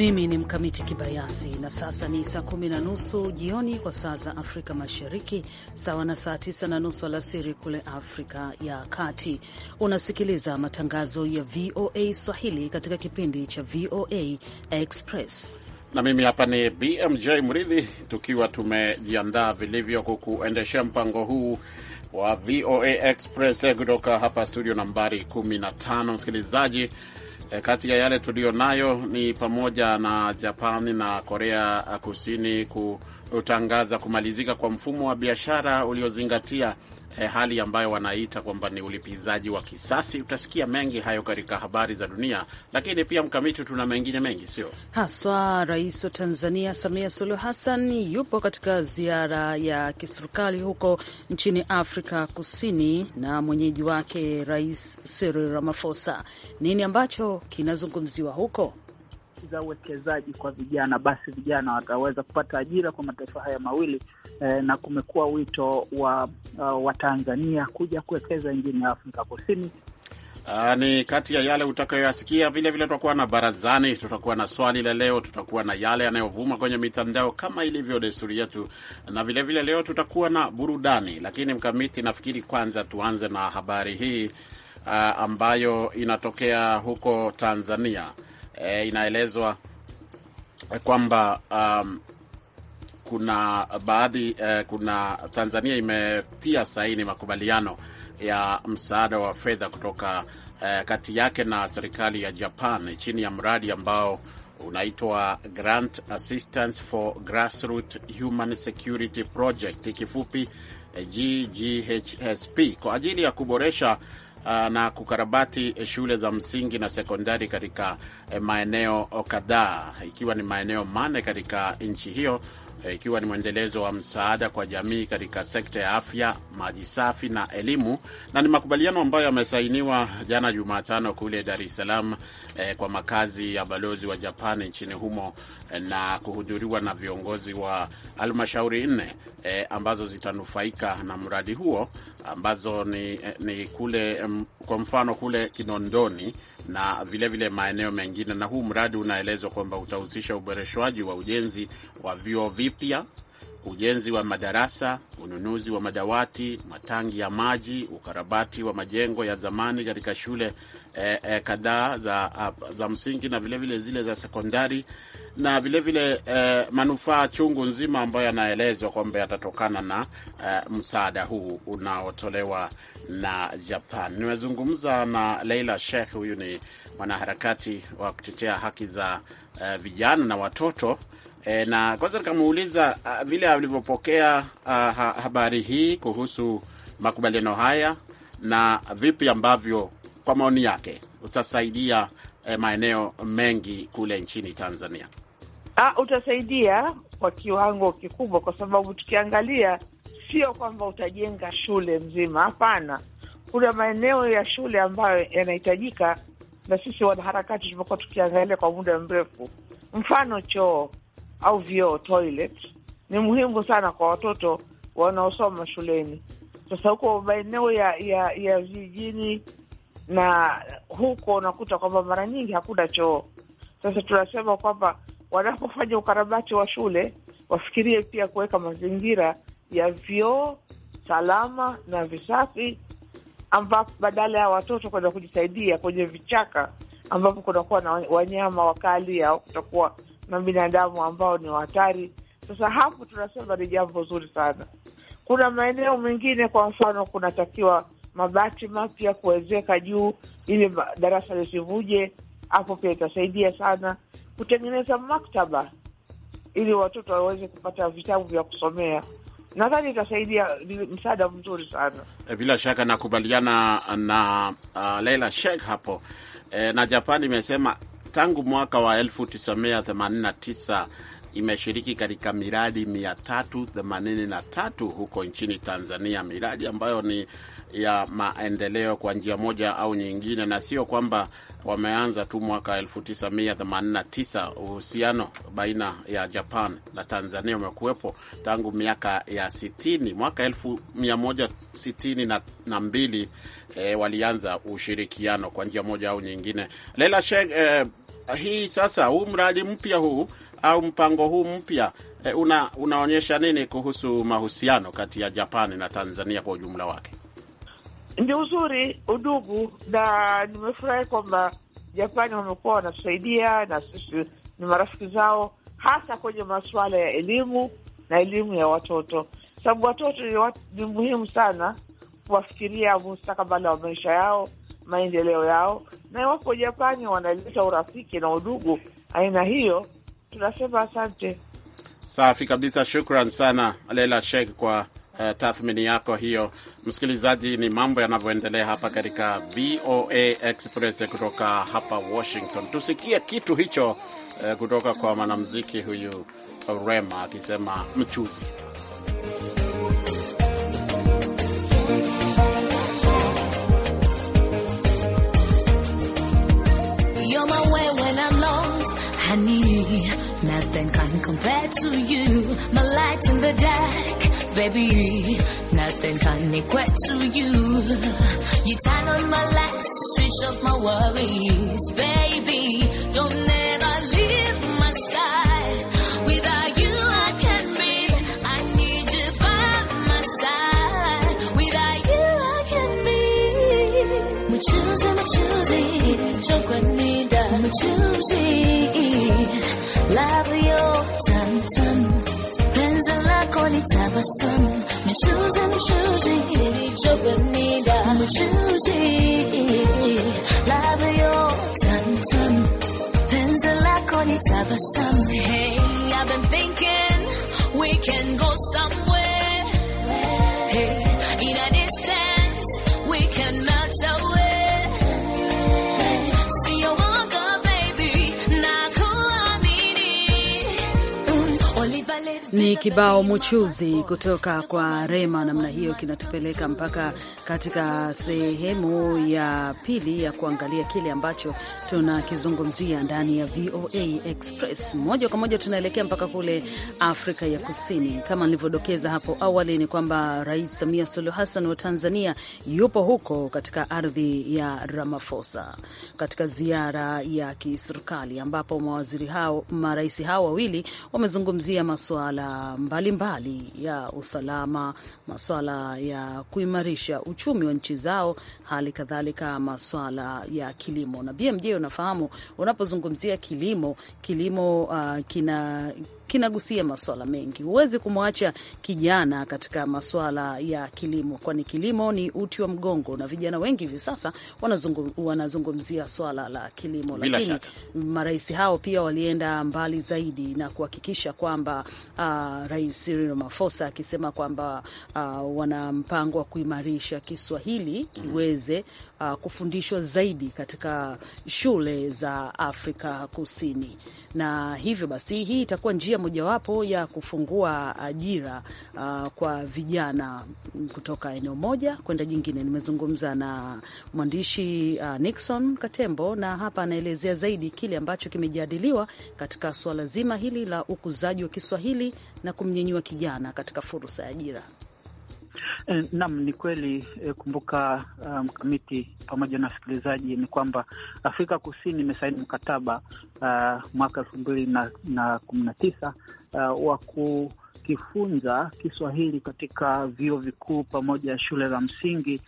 Mimi ni Mkamiti Kibayasi na sasa ni saa kumi na nusu jioni kwa saa za Afrika Mashariki, sawa na saa tisa na nusu alasiri kule Afrika ya Kati. Unasikiliza matangazo ya VOA Swahili katika kipindi cha VOA Express na mimi hapa ni BMJ Mridhi, tukiwa tumejiandaa vilivyo kukuendeshea mpango huu wa VOA Express kutoka hapa studio nambari 15. Msikilizaji E, kati ya yale tuliyo nayo ni pamoja na Japani na Korea Kusini kutangaza kumalizika kwa mfumo wa biashara uliozingatia eh, hali ambayo wanaita kwamba ni ulipizaji wa kisasi. Utasikia mengi hayo katika habari za dunia, lakini pia Mkamiti, tuna mengine mengi sio haswa. Rais wa Tanzania Samia Suluhu Hassan yupo katika ziara ya kiserikali huko nchini Afrika Kusini na mwenyeji wake Rais Cyril Ramaphosa. Nini ambacho kinazungumziwa huko? nafasi za uwekezaji kwa vijana, basi vijana wataweza kupata ajira kwa mataifa haya mawili eh, na kumekuwa wito wa uh, Watanzania kuja kuwekeza nchini ya Afrika Kusini. Uh, ni kati ya yale utakayoyasikia. Vile vile tutakuwa na barazani, tutakuwa na swali la leo, tutakuwa na yale yanayovuma kwenye mitandao kama ilivyo desturi yetu, na vile vile leo tutakuwa na burudani. Lakini Mkamiti, nafikiri kwanza tuanze na habari hii uh, ambayo inatokea huko Tanzania e, inaelezwa kwamba um, kuna baadhi e, kuna Tanzania imetia saini makubaliano ya msaada wa fedha kutoka e, kati yake na serikali ya Japan chini ya mradi ambao unaitwa Grant Assistance for Grassroots Human Security Project, kifupi GGHSP, kwa ajili ya kuboresha Ah, na kukarabati eh, shule za msingi na sekondari katika eh, maeneo kadhaa, ikiwa ni maeneo mane katika nchi hiyo E, ikiwa ni mwendelezo wa msaada kwa jamii katika sekta ya afya, maji safi na elimu, na ni makubaliano ambayo yamesainiwa jana Jumatano kule Dar es Salaam eh, kwa makazi ya balozi wa Japani nchini humo eh, na kuhudhuriwa na viongozi wa halmashauri nne eh, ambazo zitanufaika na mradi huo ambazo ni, e, ni kule m, kwa mfano kule Kinondoni na vilevile vile maeneo mengine. Na huu mradi unaelezwa kwamba utahusisha uboreshwaji wa ujenzi wa vyuo vipya ujenzi wa madarasa, ununuzi wa madawati, matangi ya maji, ukarabati wa majengo ya zamani katika shule e, e, kadhaa za, ah, za msingi na vilevile vile zile za sekondari na vilevile vile, e, manufaa chungu nzima ambayo yanaelezwa kwamba yatatokana na e, msaada huu unaotolewa na Japan. Nimezungumza na Leila Sheikh, huyu ni mwanaharakati wa kutetea haki za e, vijana na watoto E, na kwanza nikamuuliza ah, vile alivyopokea ah, ha, habari hii kuhusu makubaliano haya na vipi ambavyo kwa maoni yake utasaidia e, maeneo mengi kule nchini Tanzania. A, ah, utasaidia kwa kiwango kikubwa, kwa sababu tukiangalia sio kwamba utajenga shule nzima, hapana. Kuna maeneo ya shule ambayo yanahitajika, na sisi wanaharakati tumekuwa tukiangalia kwa muda mrefu, mfano choo au vyoo toilet ni muhimu sana kwa watoto wanaosoma shuleni. Sasa huko maeneo ya, ya ya vijijini na huko unakuta kwamba mara nyingi hakuna choo. Sasa tunasema kwamba wanapofanya ukarabati wa shule wafikirie pia kuweka mazingira ya vyoo salama na visafi, ambapo badala ya watoto kwenda kujisaidia kwenye vichaka ambapo kunakuwa na wanyama wakali au kutakuwa na binadamu ambao ni hatari. Sasa hapo tunasema ni jambo zuri sana. Kuna maeneo mengine, kwa mfano, kunatakiwa mabati mapya kuwezeka juu ili darasa lisivuje. Hapo pia itasaidia sana kutengeneza maktaba ili watoto waweze kupata vitabu vya kusomea. Nadhani itasaidia, ni msaada mzuri sana eh, bila shaka. Nakubaliana na, na uh, Leila Sheikh hapo. E, na Japani imesema tangu mwaka wa 1989 imeshiriki katika miradi 383 huko nchini Tanzania, miradi ambayo ni ya maendeleo kwa njia moja au nyingine, na sio kwamba wameanza tu mwaka 1989. Uhusiano baina ya Japan na Tanzania umekuwepo tangu miaka ya 60. Mwaka 1962 e, eh, walianza ushirikiano kwa njia moja au nyingine. Leila Sheikh, eh, e, Eh, hii sasa, huu mradi mpya huu au mpango huu mpya e, una, unaonyesha nini kuhusu mahusiano kati ya Japani na Tanzania kwa ujumla wake? ni uzuri udugu, na nimefurahi kwamba Japani wamekuwa wanatusaidia na sisi ni marafiki zao, hasa kwenye masuala ya elimu na elimu ya watoto, sababu watoto ni, wat, ni muhimu sana kuwafikiria mustakabali wa maisha yao maendeleo yao, na iwapo Japani wanaleta urafiki na udugu aina hiyo, tunasema asante. Safi kabisa, shukran sana Leila Sheikh kwa uh, tathmini yako hiyo. Msikilizaji, ni mambo yanavyoendelea hapa katika VOA Express kutoka hapa Washington. Tusikie kitu hicho uh, kutoka kwa mwanamuziki huyu Rema akisema mchuzi. honey. Nothing can compare to you. My light in the dark, baby. Nothing can equate to you. You turn on my lights, switch off my worries, baby. Don't ever leave my side. Without you, I can't breathe. I need you by my side. Without you, I can't breathe. Machuzi, machuzi, chocolate nida. Machuzi. tabassum you. michuzi Ilichopenida Michuzi Ladha yo tamtam Penzi lako ni tabassum Hey, I've been thinking We can go somewhere Hey, in a distance We can Ni kibao mchuzi kutoka kwa Rema. Namna hiyo kinatupeleka mpaka katika sehemu ya pili ya kuangalia kile ambacho tunakizungumzia ndani ya VOA Express. Moja kwa moja tunaelekea mpaka kule Afrika ya Kusini. Kama nilivyodokeza hapo awali, ni kwamba Rais Samia Suluhu Hassan wa Tanzania yupo huko katika ardhi ya Ramaphosa katika ziara ya kiserikali, ambapo mawaziri hao, marais hao wawili wamezungumzia masuala masuala mbalimbali ya usalama, masuala ya kuimarisha uchumi wa nchi zao, hali kadhalika masuala ya kilimo. Na BMJ, unafahamu unapozungumzia kilimo, kilimo uh, kina kinagusia maswala mengi. Huwezi kumwacha kijana katika maswala ya kilimo, kwani kilimo ni uti wa mgongo, na vijana wengi hivi sasa wanazungu, wanazungumzia swala la kilimo. Lakini marais hao pia walienda mbali zaidi na kuhakikisha kwamba uh, Rais Cyril Ramaphosa akisema kwamba uh, wana mpango wa kuimarisha Kiswahili mhm. kiweze mm -hmm uh, kufundishwa zaidi katika shule za Afrika Kusini, na hivyo basi hii itakuwa njia mojawapo ya kufungua ajira uh, kwa vijana kutoka eneo moja kwenda jingine. Nimezungumza na mwandishi uh, Nixon Katembo, na hapa anaelezea zaidi kile ambacho kimejadiliwa katika suala zima hili la ukuzaji wa Kiswahili na kumnyenyua kijana katika fursa ya ajira. E, eh, nam ni kweli e, kumbuka eh, mkamiti um, pamoja na wasikilizaji ni kwamba Afrika Kusini imesaini mkataba uh, mwaka elfu mbili na, na kumi na tisa uh, wa kukifunza Kiswahili katika vyuo vikuu pamoja shule za msingi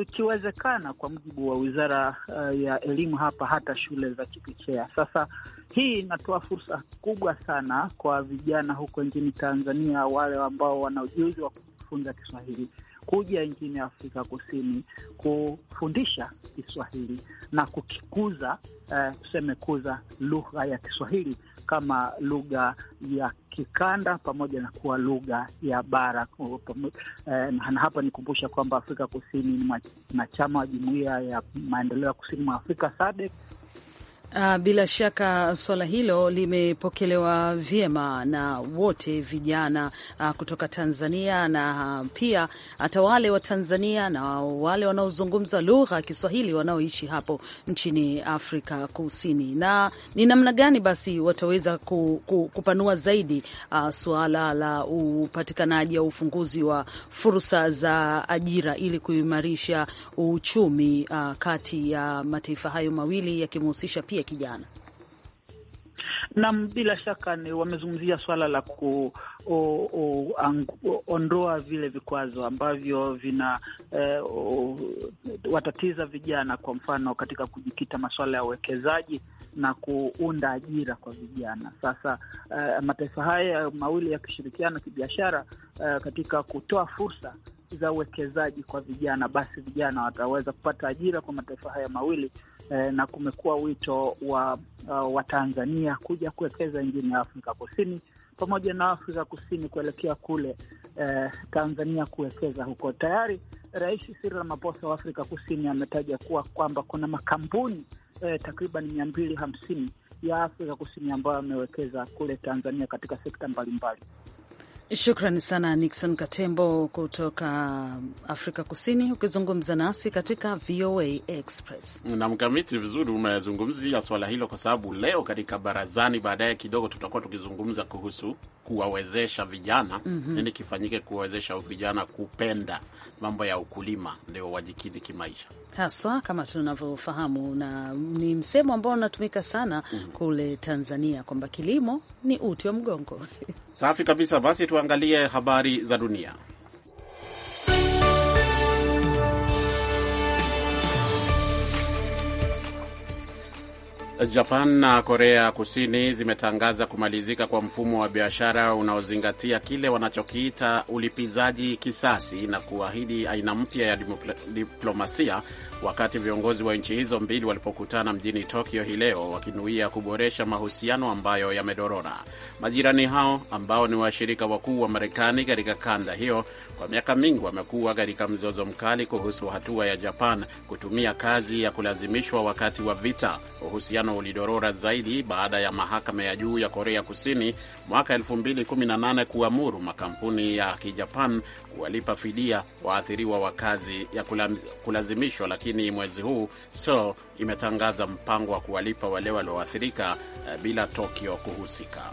ikiwezekana, kwa mujibu wa wizara uh, ya elimu hapa, hata shule za chekechea. Sasa hii inatoa fursa kubwa sana kwa vijana huko nchini Tanzania, wale ambao wana ujuzi wa kujifunza Kiswahili, kuja nchini Afrika Kusini kufundisha Kiswahili na kukikuza, eh, tuseme kuza lugha ya Kiswahili kama lugha ya kikanda pamoja na kuwa lugha ya bara eh, na hapa nikumbusha kwamba Afrika Kusini ni mwanachama wa jumuiya ya maendeleo ya kusini mwa Afrika SADC Ah, bila shaka swala hilo limepokelewa vyema na wote vijana ah, kutoka Tanzania na pia hata wale wa Tanzania na wale wanaozungumza lugha ya Kiswahili wanaoishi hapo nchini Afrika Kusini. Na ni namna gani basi wataweza ku, ku, kupanua zaidi uh, suala la upatikanaji au ufunguzi wa fursa za ajira ili kuimarisha uchumi uh, kati ya mataifa hayo mawili yakimhusisha pia yule kijana? Nam, bila shaka ni wamezungumzia swala la kuondoa vile vikwazo ambavyo vina eh, watatiza vijana, kwa mfano katika kujikita masuala ya uwekezaji na kuunda ajira kwa vijana. Sasa eh, mataifa haya mawili yakishirikiana kibiashara eh, katika kutoa fursa za uwekezaji kwa vijana, basi vijana wataweza kupata ajira kwa mataifa haya mawili eh, na kumekuwa wito wa uh, Watanzania kuja kuwekeza nchini Afrika Kusini pamoja na Afrika Kusini kuelekea kule eh, Tanzania kuwekeza huko. Tayari Rais Cyril Ramaphosa wa Afrika Kusini ametaja kuwa kwamba kuna makampuni eh, takriban mia mbili hamsini ya Afrika Kusini ambayo amewekeza kule Tanzania katika sekta mbalimbali mbali. Shukrani sana Nixon Katembo kutoka Afrika Kusini, ukizungumza nasi katika VOA Express na Mkamiti. Vizuri umezungumzia swala hilo, kwa sababu leo katika barazani, baadaye kidogo, tutakuwa tukizungumza kuhusu kuwawezesha vijana mm -hmm. nini kifanyike kuwawezesha vijana kupenda mambo ya ukulima, ndio wajikidhi kimaisha haswa kama tunavyofahamu, na ni msemo ambao unatumika sana mm -hmm. kule Tanzania kwamba kilimo ni uti wa mgongo. Safi kabisa, basi tuwa tuangalie habari za dunia. Japan na Korea Kusini zimetangaza kumalizika kwa mfumo wa biashara unaozingatia kile wanachokiita ulipizaji kisasi na kuahidi aina mpya ya diplomasia wakati viongozi wa nchi hizo mbili walipokutana mjini Tokyo hii leo wakinuia kuboresha mahusiano ambayo yamedorora. Majirani hao ambao ni washirika wakuu wa Marekani katika kanda hiyo kwa miaka mingi wamekuwa katika mzozo mkali kuhusu hatua ya Japan kutumia kazi ya kulazimishwa wakati wa vita. Uhusiano ulidorora zaidi baada ya mahakama ya juu ya Korea Kusini mwaka 2018 kuamuru makampuni ya Kijapan kuwalipa fidia waathiriwa wa kazi ya kulazimishwa, lakini lakini mwezi huu so imetangaza mpango wa kuwalipa wale walioathirika eh, bila Tokyo kuhusika.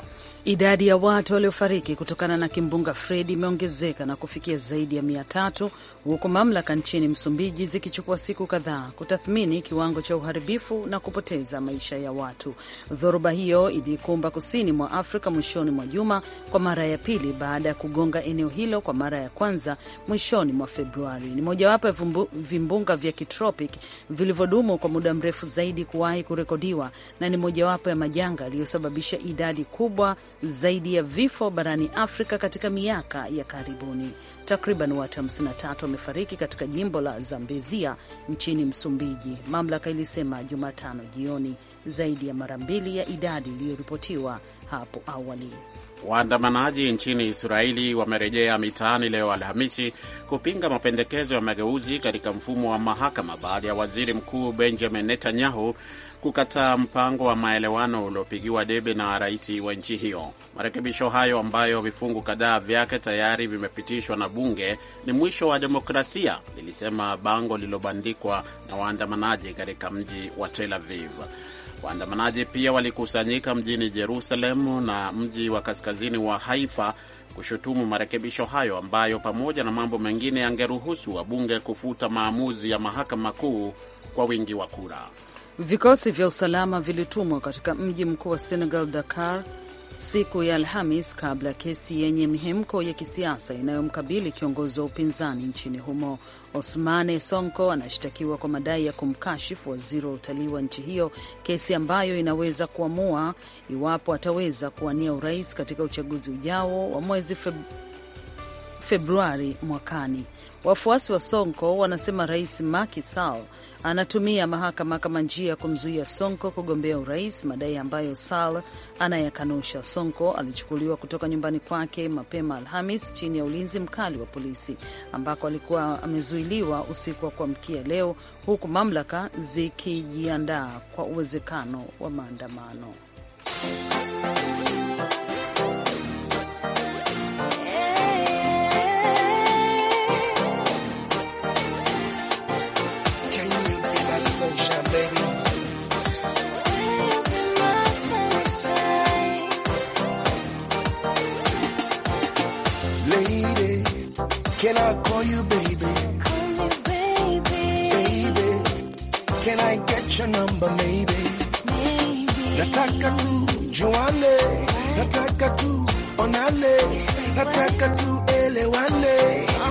Idadi ya watu waliofariki kutokana na kimbunga Fred imeongezeka na kufikia zaidi ya mia tatu huku mamlaka nchini Msumbiji zikichukua siku kadhaa kutathmini kiwango cha uharibifu na kupoteza maisha ya watu. Dhoruba hiyo iliikumba kusini mwa Afrika mwishoni mwa juma kwa mara ya pili baada ya kugonga eneo hilo kwa mara ya kwanza mwishoni mwa Februari. Ni mojawapo ya vimbunga vya kitropic vilivyodumu kwa muda mrefu zaidi kuwahi kurekodiwa na ni mojawapo ya majanga yaliyosababisha idadi kubwa zaidi ya vifo barani Afrika katika miaka ya karibuni. Takriban watu 53 wamefariki katika jimbo la Zambezia nchini Msumbiji, mamlaka ilisema Jumatano jioni, zaidi ya mara mbili ya idadi iliyoripotiwa hapo awali. Waandamanaji nchini Israeli wamerejea mitaani leo Alhamisi kupinga mapendekezo ya mageuzi katika mfumo wa mahakama baada ya waziri mkuu Benjamin Netanyahu kukataa mpango wa maelewano uliopigiwa debe na rais wa nchi hiyo. Marekebisho hayo ambayo vifungu kadhaa vyake tayari vimepitishwa na bunge ni mwisho wa demokrasia, lilisema bango lililobandikwa na waandamanaji katika mji wa Tel Aviv. Waandamanaji pia walikusanyika mjini Jerusalemu na mji wa kaskazini wa Haifa kushutumu marekebisho hayo ambayo pamoja na mambo mengine yangeruhusu wabunge kufuta maamuzi ya mahakama kuu kwa wingi wa kura. Vikosi vya usalama vilitumwa katika mji mkuu wa Senegal, Dakar, siku ya Alhamis kabla ya kesi yenye mihemko ya kisiasa inayomkabili kiongozi wa upinzani nchini humo. osmane Sonko anashtakiwa kwa madai ya kumkashifu waziri wa utalii wa nchi hiyo, kesi ambayo inaweza kuamua iwapo ataweza kuwania urais katika uchaguzi ujao wa mwezi Februari mwakani. Wafuasi wa Sonko wanasema Rais Macky Sall anatumia mahakama kama njia ya kumzuia Sonko kugombea urais, madai ambayo Sall anayakanusha. Sonko alichukuliwa kutoka nyumbani kwake mapema Alhamis chini ya ulinzi mkali wa polisi, ambako alikuwa amezuiliwa usiku wa kuamkia leo, huku mamlaka zikijiandaa kwa uwezekano wa maandamano. Can I call you baby? baby. Can I get your number maybe? Maybe. Nataka tujuane. Nataka tuonane. Nataka tuelewane.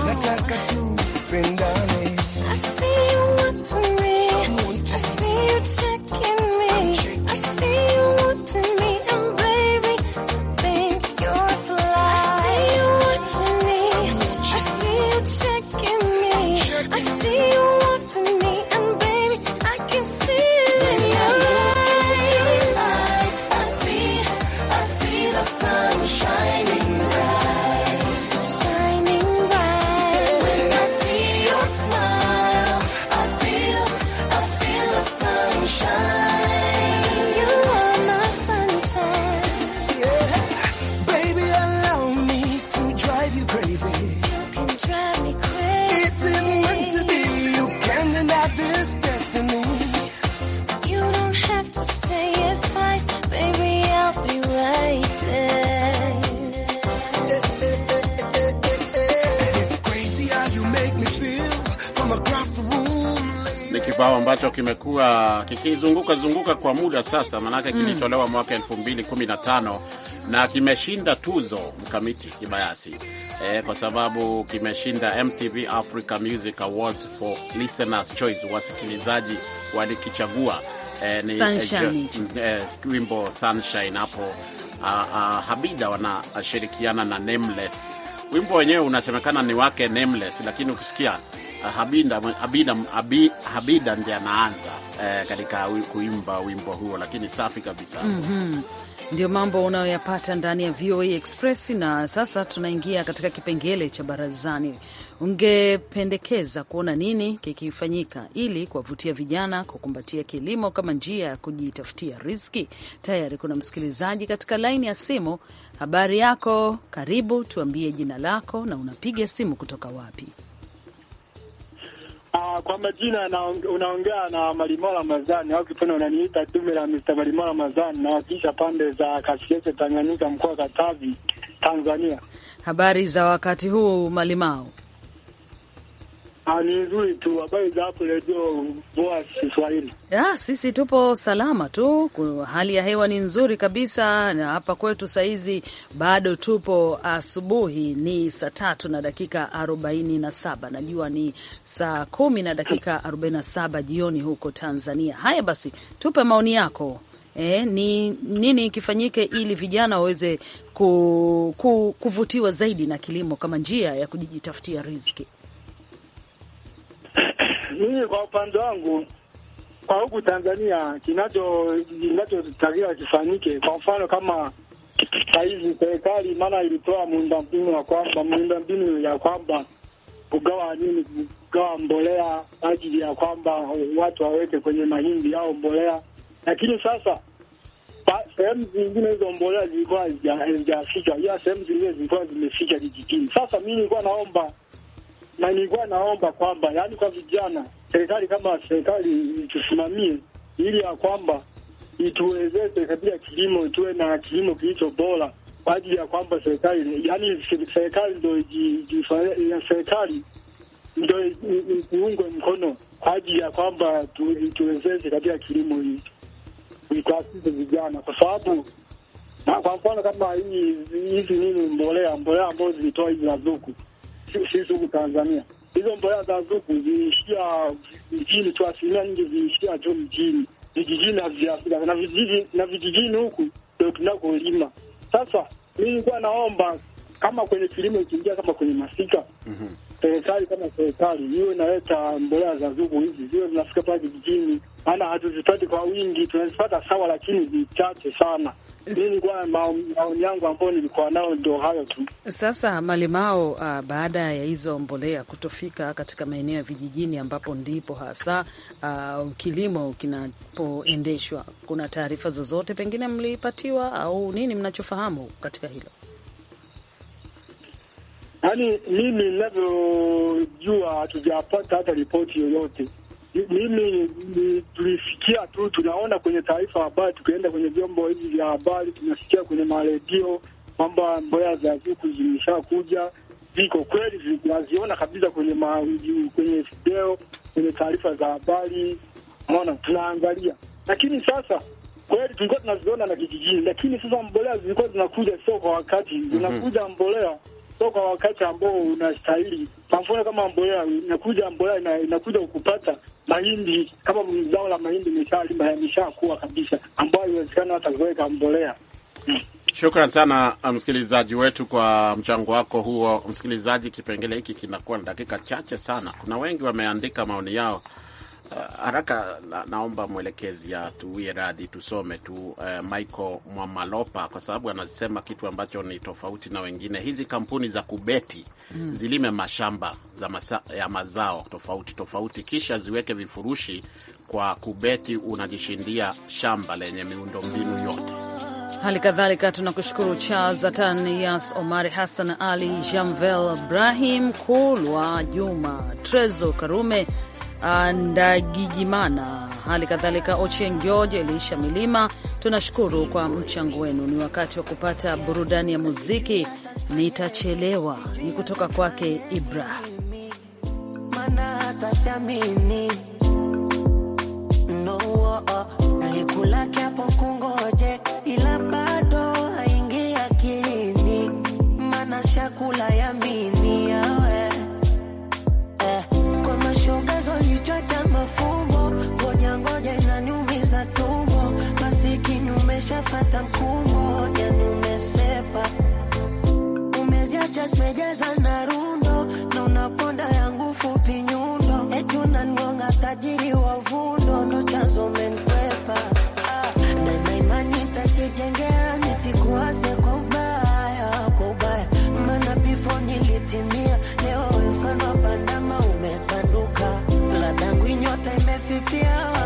Nataka tupendane. I see you want to me. I see you check kimekuwa kikizunguka zunguka kwa muda sasa, maanake mm. kilitolewa mm. mwaka 2015 na kimeshinda tuzo mkamiti kibayasi eh, kwa sababu kimeshinda MTV Africa Music Awards for Listeners Choice, wasikilizaji walikichagua eh, ni eh, eh, wimbo Sunshine hapo ah, ah, Habida wanashirikiana na Nameless. Wimbo wenyewe unasemekana ni wake Nameless, lakini ukisikia Eh, Habida, Habida, Habida, Habida ndiye anaanza eh, katika kuimba wimbo huo, lakini safi kabisa mm -hmm. Ndio mambo unayoyapata ndani ya VOA Express. Na sasa tunaingia katika kipengele cha barazani. Ungependekeza kuona nini kikifanyika ili kuwavutia vijana kukumbatia kilimo kama njia ya kujitafutia riziki? Tayari kuna msikilizaji katika laini ya simu. Habari yako, karibu, tuambie jina lako na unapiga simu kutoka wapi? Ah, kwa majina unaongea na Malimola Mazani au kipenda unaniita tume la Mr. Malimola Mazani na pande za Kasese Tanganyika, mkoa wa Katavi, Tanzania. Habari za wakati huu Malimao? Ni nzuri tu, habari za hapo redio sisi tupo salama tu, hali ya hewa ni nzuri kabisa, na hapa kwetu saizi bado tupo asubuhi. Ni saa tatu na dakika arobaini na saba najua ni saa kumi na dakika arobaini na saba jioni huko Tanzania. Haya basi, tupe maoni yako. E, ni nini kifanyike ili vijana waweze ku, ku, kuvutiwa zaidi na kilimo kama njia ya kujitafutia riziki? mimi kwa upande wangu kwa huku Tanzania kinacho kinachotakiwa kifanyike, kwa mfano kama saizi serikali maana ilitoa miundombinu ya kwamba miundombinu ya kwamba kugawa nini, kugawa mbolea ajili ya kwamba watu waweke kwenye mahindi au mbolea, lakini sasa sehemu zingine hizo mbolea zilikuwa hazijafika, ila sehemu zingine zilikuwa zimefika vijijini. Sasa mi nilikuwa naomba na nilikuwa naomba kwamba, yani kwa vijana, serikali kama serikali itusimamie ili ya kwamba ituwezeshe katika kilimo, tuwe na kilimo kilicho bora kwa ajili ya kwamba serikali, yani, serikali ndio serikali ndo iungwe mkono kwa ajili ya kwamba tuwezeshe katika kilimo hicho ikuasize vijana, kwa sababu na kwa mfano kama hizi nini mbolea mbolea ambazo zilitoa hizi ruzuku si sugu Tanzania. Hizo mbolea za zuku ziishia mjini tu, asilimia nyingi ziishia tu mjini, vijijini havijafika na vijijini huku ndio tunakolima sasa. Mi nilikuwa naomba kama kwenye kilimo ikiingia kama kwenye masika mm -hmm serikali kama serikali iwe inaleta mbolea za zugu hizi ziwe zinafika pale vijijini, maana hatuzipati kwa wingi, tunazipata sawa, lakini vichache sana. Mimi kwa maoni yangu ambayo nilikuwa nayo ndio hayo tu. Sasa Malimao, uh, baada ya hizo mbolea kutofika katika maeneo ya vijijini ambapo ndipo hasa uh, kilimo kinapoendeshwa, kuna taarifa zozote pengine mlipatiwa au nini mnachofahamu katika hilo? Yaani mimi ninavyojua hatujapata hata ripoti yoyote. Mimi tulisikia tu, tunaona kwenye taarifa habari, tukienda kwenye vyombo hivi vya habari, tunasikia kwenye maredio kwamba mbolea za kuku zimeshakuja. Viko kweli, naziona kabisa kwenye ma, kwenye video, kwenye taarifa za habari, maana tunaangalia, lakini sasa kweli tulikuwa tunaziona na kijijini, lakini sasa mbolea zilikuwa zinakuja sio kwa wakati, mhm. zinakuja mbolea sio kwa wakati ambao unastahili. Kwa mfano kama mbolea inakuja, mbolea ina, inakuja kupata mahindi, kama zao la mahindi imeshalima kuwa kabisa, ambayo haiwezekana hata kuweka mbolea. Shukran sana uh, msikilizaji wetu kwa mchango wako huo. Msikilizaji, kipengele hiki kinakuwa na dakika chache sana. Kuna wengi wameandika maoni yao Eh, haraka na, naomba mwelekezi atuwie radhi tusome tu uh, Michael Mwamalopa kwa sababu anasema kitu ambacho ni tofauti na wengine. Hizi kampuni za kubeti mm, zilime mashamba za masa, ya mazao tofauti tofauti, kisha ziweke vifurushi kwa kubeti, unajishindia shamba lenye miundombinu yote. Hali kadhalika tunakushukuru Charles Atanias, Omari Hassan Ali, Jamvel Ibrahim Kulwa, Juma Trezo Karume Ndagijimana, hali kadhalika Ochieng George, Elisha Milima, tunashukuru kwa mchango wenu. Ni wakati wa kupata burudani ya muziki. Nitachelewa ni kutoka kwake Ibra ya mini Kucha simejaza na rundo na unaponda yangu fupi nyundo, eti unanigonga tajiri wa vundo, ndo chanzo umenikwepa ah, na na imani takijengea nisikuase kwa ubaya, kwa ubaya mana bifo nilitimia leo mfano pandama umepanduka, ladangu inyota imefifia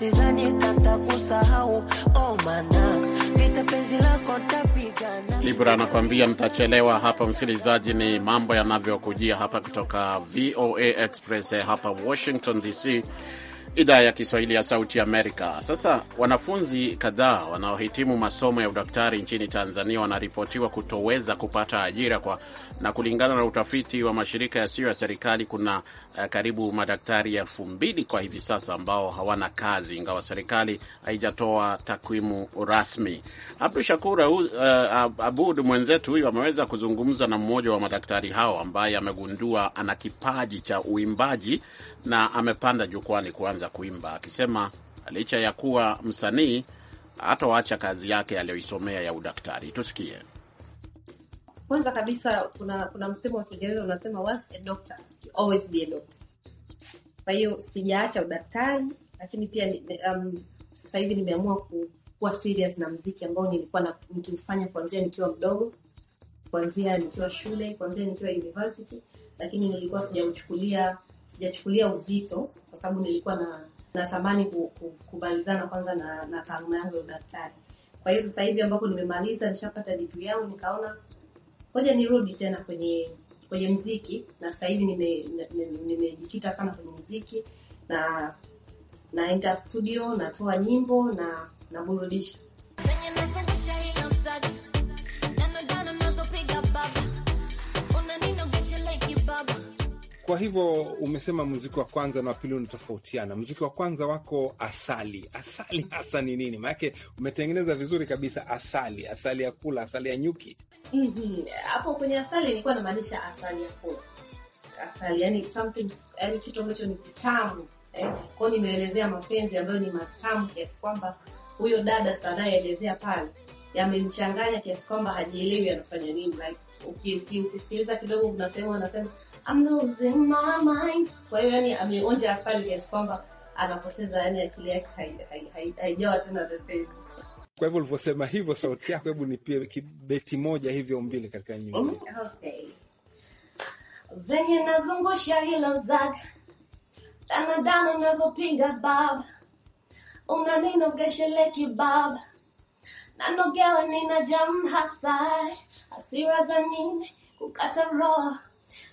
Oh, Libra anakwambia nitachelewa hapa. Msikilizaji, ni mambo yanavyokujia hapa kutoka VOA Express eh, hapa Washington DC idhaa ya Kiswahili ya Sauti Amerika. Sasa wanafunzi kadhaa wanaohitimu masomo ya udaktari nchini Tanzania wanaripotiwa kutoweza kupata ajira kwa, na kulingana na utafiti wa mashirika yasiyo ya serikali kuna uh, karibu madaktari elfu mbili kwa hivi sasa ambao hawana kazi, ingawa serikali haijatoa takwimu rasmi. Abdu Shakur uh, Abud mwenzetu huyu ameweza kuzungumza na mmoja wa madaktari hao ambaye amegundua ana kipaji cha uimbaji na amepanda jukwani kuanza za kuimba, akisema licha ya kuwa msanii hatoacha kazi yake aliyoisomea ya udaktari. Tusikie. Kwanza kabisa kuna kuna msemo wa Kiingereza unasema once a doctor always be a doctor. Kwa hiyo sijaacha udaktari, lakini pia um, sasa hivi nimeamua ku, kuwa serious na mziki ambao nilikuwa nikiufanya kuanzia nikiwa mdogo, kuanzia nikiwa shule, kuanzia nikiwa university, lakini nilikuwa sijauchukulia sijachukulia uzito kwa sababu nilikuwa na natamani kukubalizana kwanza na, na taaluma yangu ya udaktari. Kwa hiyo sasa hivi ambapo nimemaliza nishapata digrii yangu, nikaona ngoja nirudi tena kwenye kwenye mziki, na sasa hivi nimejikita nime, nime sana kwenye mziki na naenda studio, natoa nyimbo na naburudisha Kwa hivyo umesema muziki wa kwanza na wapili unatofautiana. Muziki wa kwanza wako asali. Asali hasa ni nini? Maanake umetengeneza vizuri kabisa asali, asali ya kula, asali ya nyuki. Mhm. Hapo kwenye asali nilikuwa namaanisha asali ya kula, asali yani something, yani kitu ambacho ni kitamu eh. Kwao nimeelezea mapenzi ambayo ni matamu kiasi kwamba huyo dada sanayeelezea pale yamemchanganya kiasi kwamba hajielewi anafanya nini, like ukisikiliza kidogo, kuna sehemu anasema I'm losing my mind. Kwa hiyo yani ameonja asali kiasi kwamba anapoteza yani akili yake haijawa tena the same. Kwa hivyo ulivyosema hivyo sauti yako, hebu nipie kibeti moja hivyo mbili katika nyimbo. Okay. Venye nazungusha hilo zaka danadana nazopiga baba, unaninongesheleki baba, nanogewa nina jamhasai hasira za nini kukata roho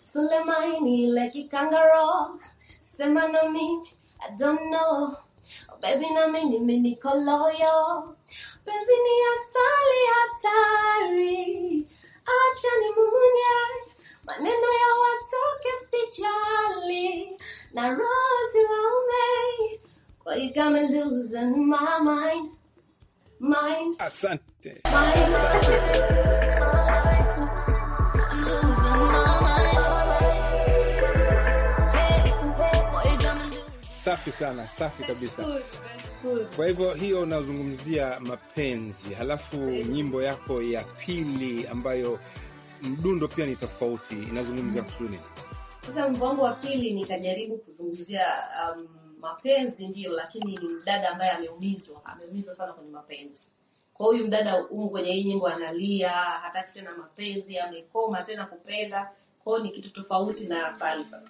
sulemaini like a kangaroo. Sema na mimi, I don't know. Oh, baby na mimi mimi niko loyo. Penzi ni asali hatari. Acha ni munye. Maneno ya watoke sijali. Na rozi waume. Well, you got me losing my mind. Mind. Asante. Mind. Asante. Safi sana, safi kabisa. Kwa hivyo hiyo unazungumzia mapenzi, halafu nyimbo yako ya pili ambayo mdundo pia ni tofauti, inazungumzia mm. kuhusu nini? Sasa wimbo wangu wa pili nikajaribu kuzungumzia um, mapenzi ndio, lakini ni mdada ambaye ameumizwa, ameumizwa sana kwenye mapenzi. Kwa huyu mdada umu kwenye hii nyimbo analia, hataki tena mapenzi, amekoma tena kupenda. Kwao ni kitu tofauti na asali sasa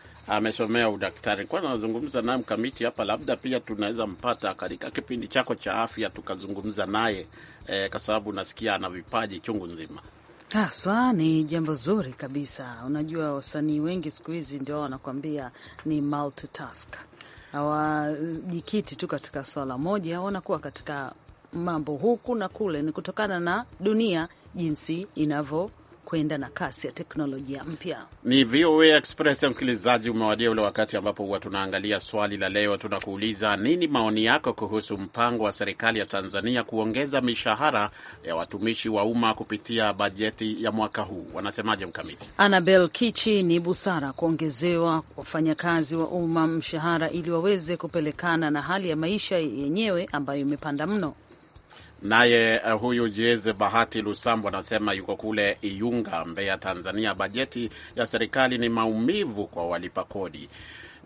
amesomea udaktari. Kwa nazungumza naye mkamiti hapa, labda pia tunaweza mpata katika kipindi chako cha afya tukazungumza naye e, kwa sababu nasikia ana vipaji chungu nzima. Haswa ni jambo zuri kabisa. Unajua, wasanii wengi siku hizi ndio wanakuambia ni multitask, hawajikiti tu katika swala moja, wanakuwa katika mambo huku na kule. Ni kutokana na dunia jinsi inavyo kwenda na kasi ya teknolojia mpya. Ni VOA Express ya msikilizaji, umewadia ule wakati ambapo huwa tunaangalia swali la leo. Tunakuuliza, nini maoni yako kuhusu mpango wa serikali ya Tanzania kuongeza mishahara ya watumishi wa umma kupitia bajeti ya mwaka huu? Wanasemaje mkamiti? Anabel Kichi, ni busara kuongezewa wafanyakazi wa umma mshahara ili waweze kupelekana na hali ya maisha yenyewe ambayo imepanda mno. Naye uh, huyu Jeze Bahati Lusambo anasema yuko kule Iunga, Mbeya, Tanzania. Bajeti ya serikali ni maumivu kwa walipa kodi.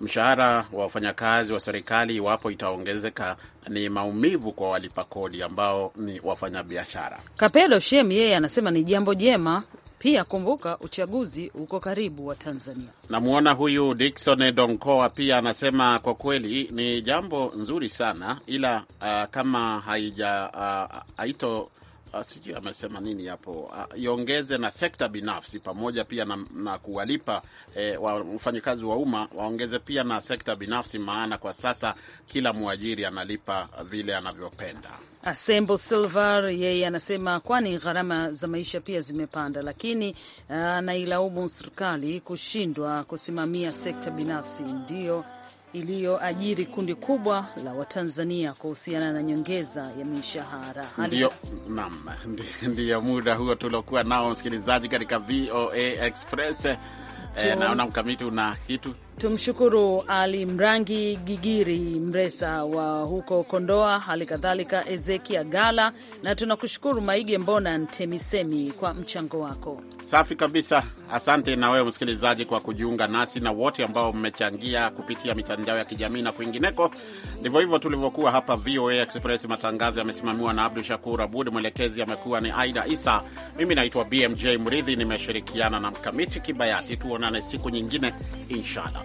Mshahara wa wafanyakazi wa serikali, iwapo itaongezeka, ni maumivu kwa walipa kodi ambao ni wafanyabiashara. Kapelo Shem yeye anasema ni jambo jema pia kumbuka uchaguzi uko karibu wa Tanzania. Namwona huyu Dikson Donkoa pia anasema kwa kweli ni jambo nzuri sana, ila uh, kama haija uh, haito Ah, sijui amesema nini hapo, ah, iongeze na sekta binafsi pamoja pia na, na kuwalipa e, wafanyakazi wa umma waongeze pia na sekta binafsi, maana kwa sasa kila mwajiri analipa vile anavyopenda. Asembo ah, Silver yeye anasema kwani gharama za maisha pia zimepanda, lakini anailaumu serikali kushindwa kusimamia sekta binafsi. ndio iliyoajiri kundi kubwa la Watanzania kuhusiana na nyongeza ya mishahara. Ndiyo, ndiyo muda huo tuliokuwa nao msikilizaji katika VOA Express. naona eh, mkamiti una kitu Tumshukuru Ali Mrangi Gigiri Mresa wa huko Kondoa, hali kadhalika Ezekia Gala, na tunakushukuru Maige Mbona Ntemisemi kwa mchango wako. Safi kabisa, asante na wewe msikilizaji kwa kujiunga nasi na wote ambao mmechangia kupitia mitandao ya kijamii na kwingineko. Ndivyo hivyo tulivyokuwa hapa VOA Express. Matangazo yamesimamiwa na Abdu Shakur Abud, mwelekezi amekuwa ni Aida Isa, mimi naitwa BMJ Mridhi, nimeshirikiana na Mkamiti Kibayasi. Tuonane siku nyingine inshallah.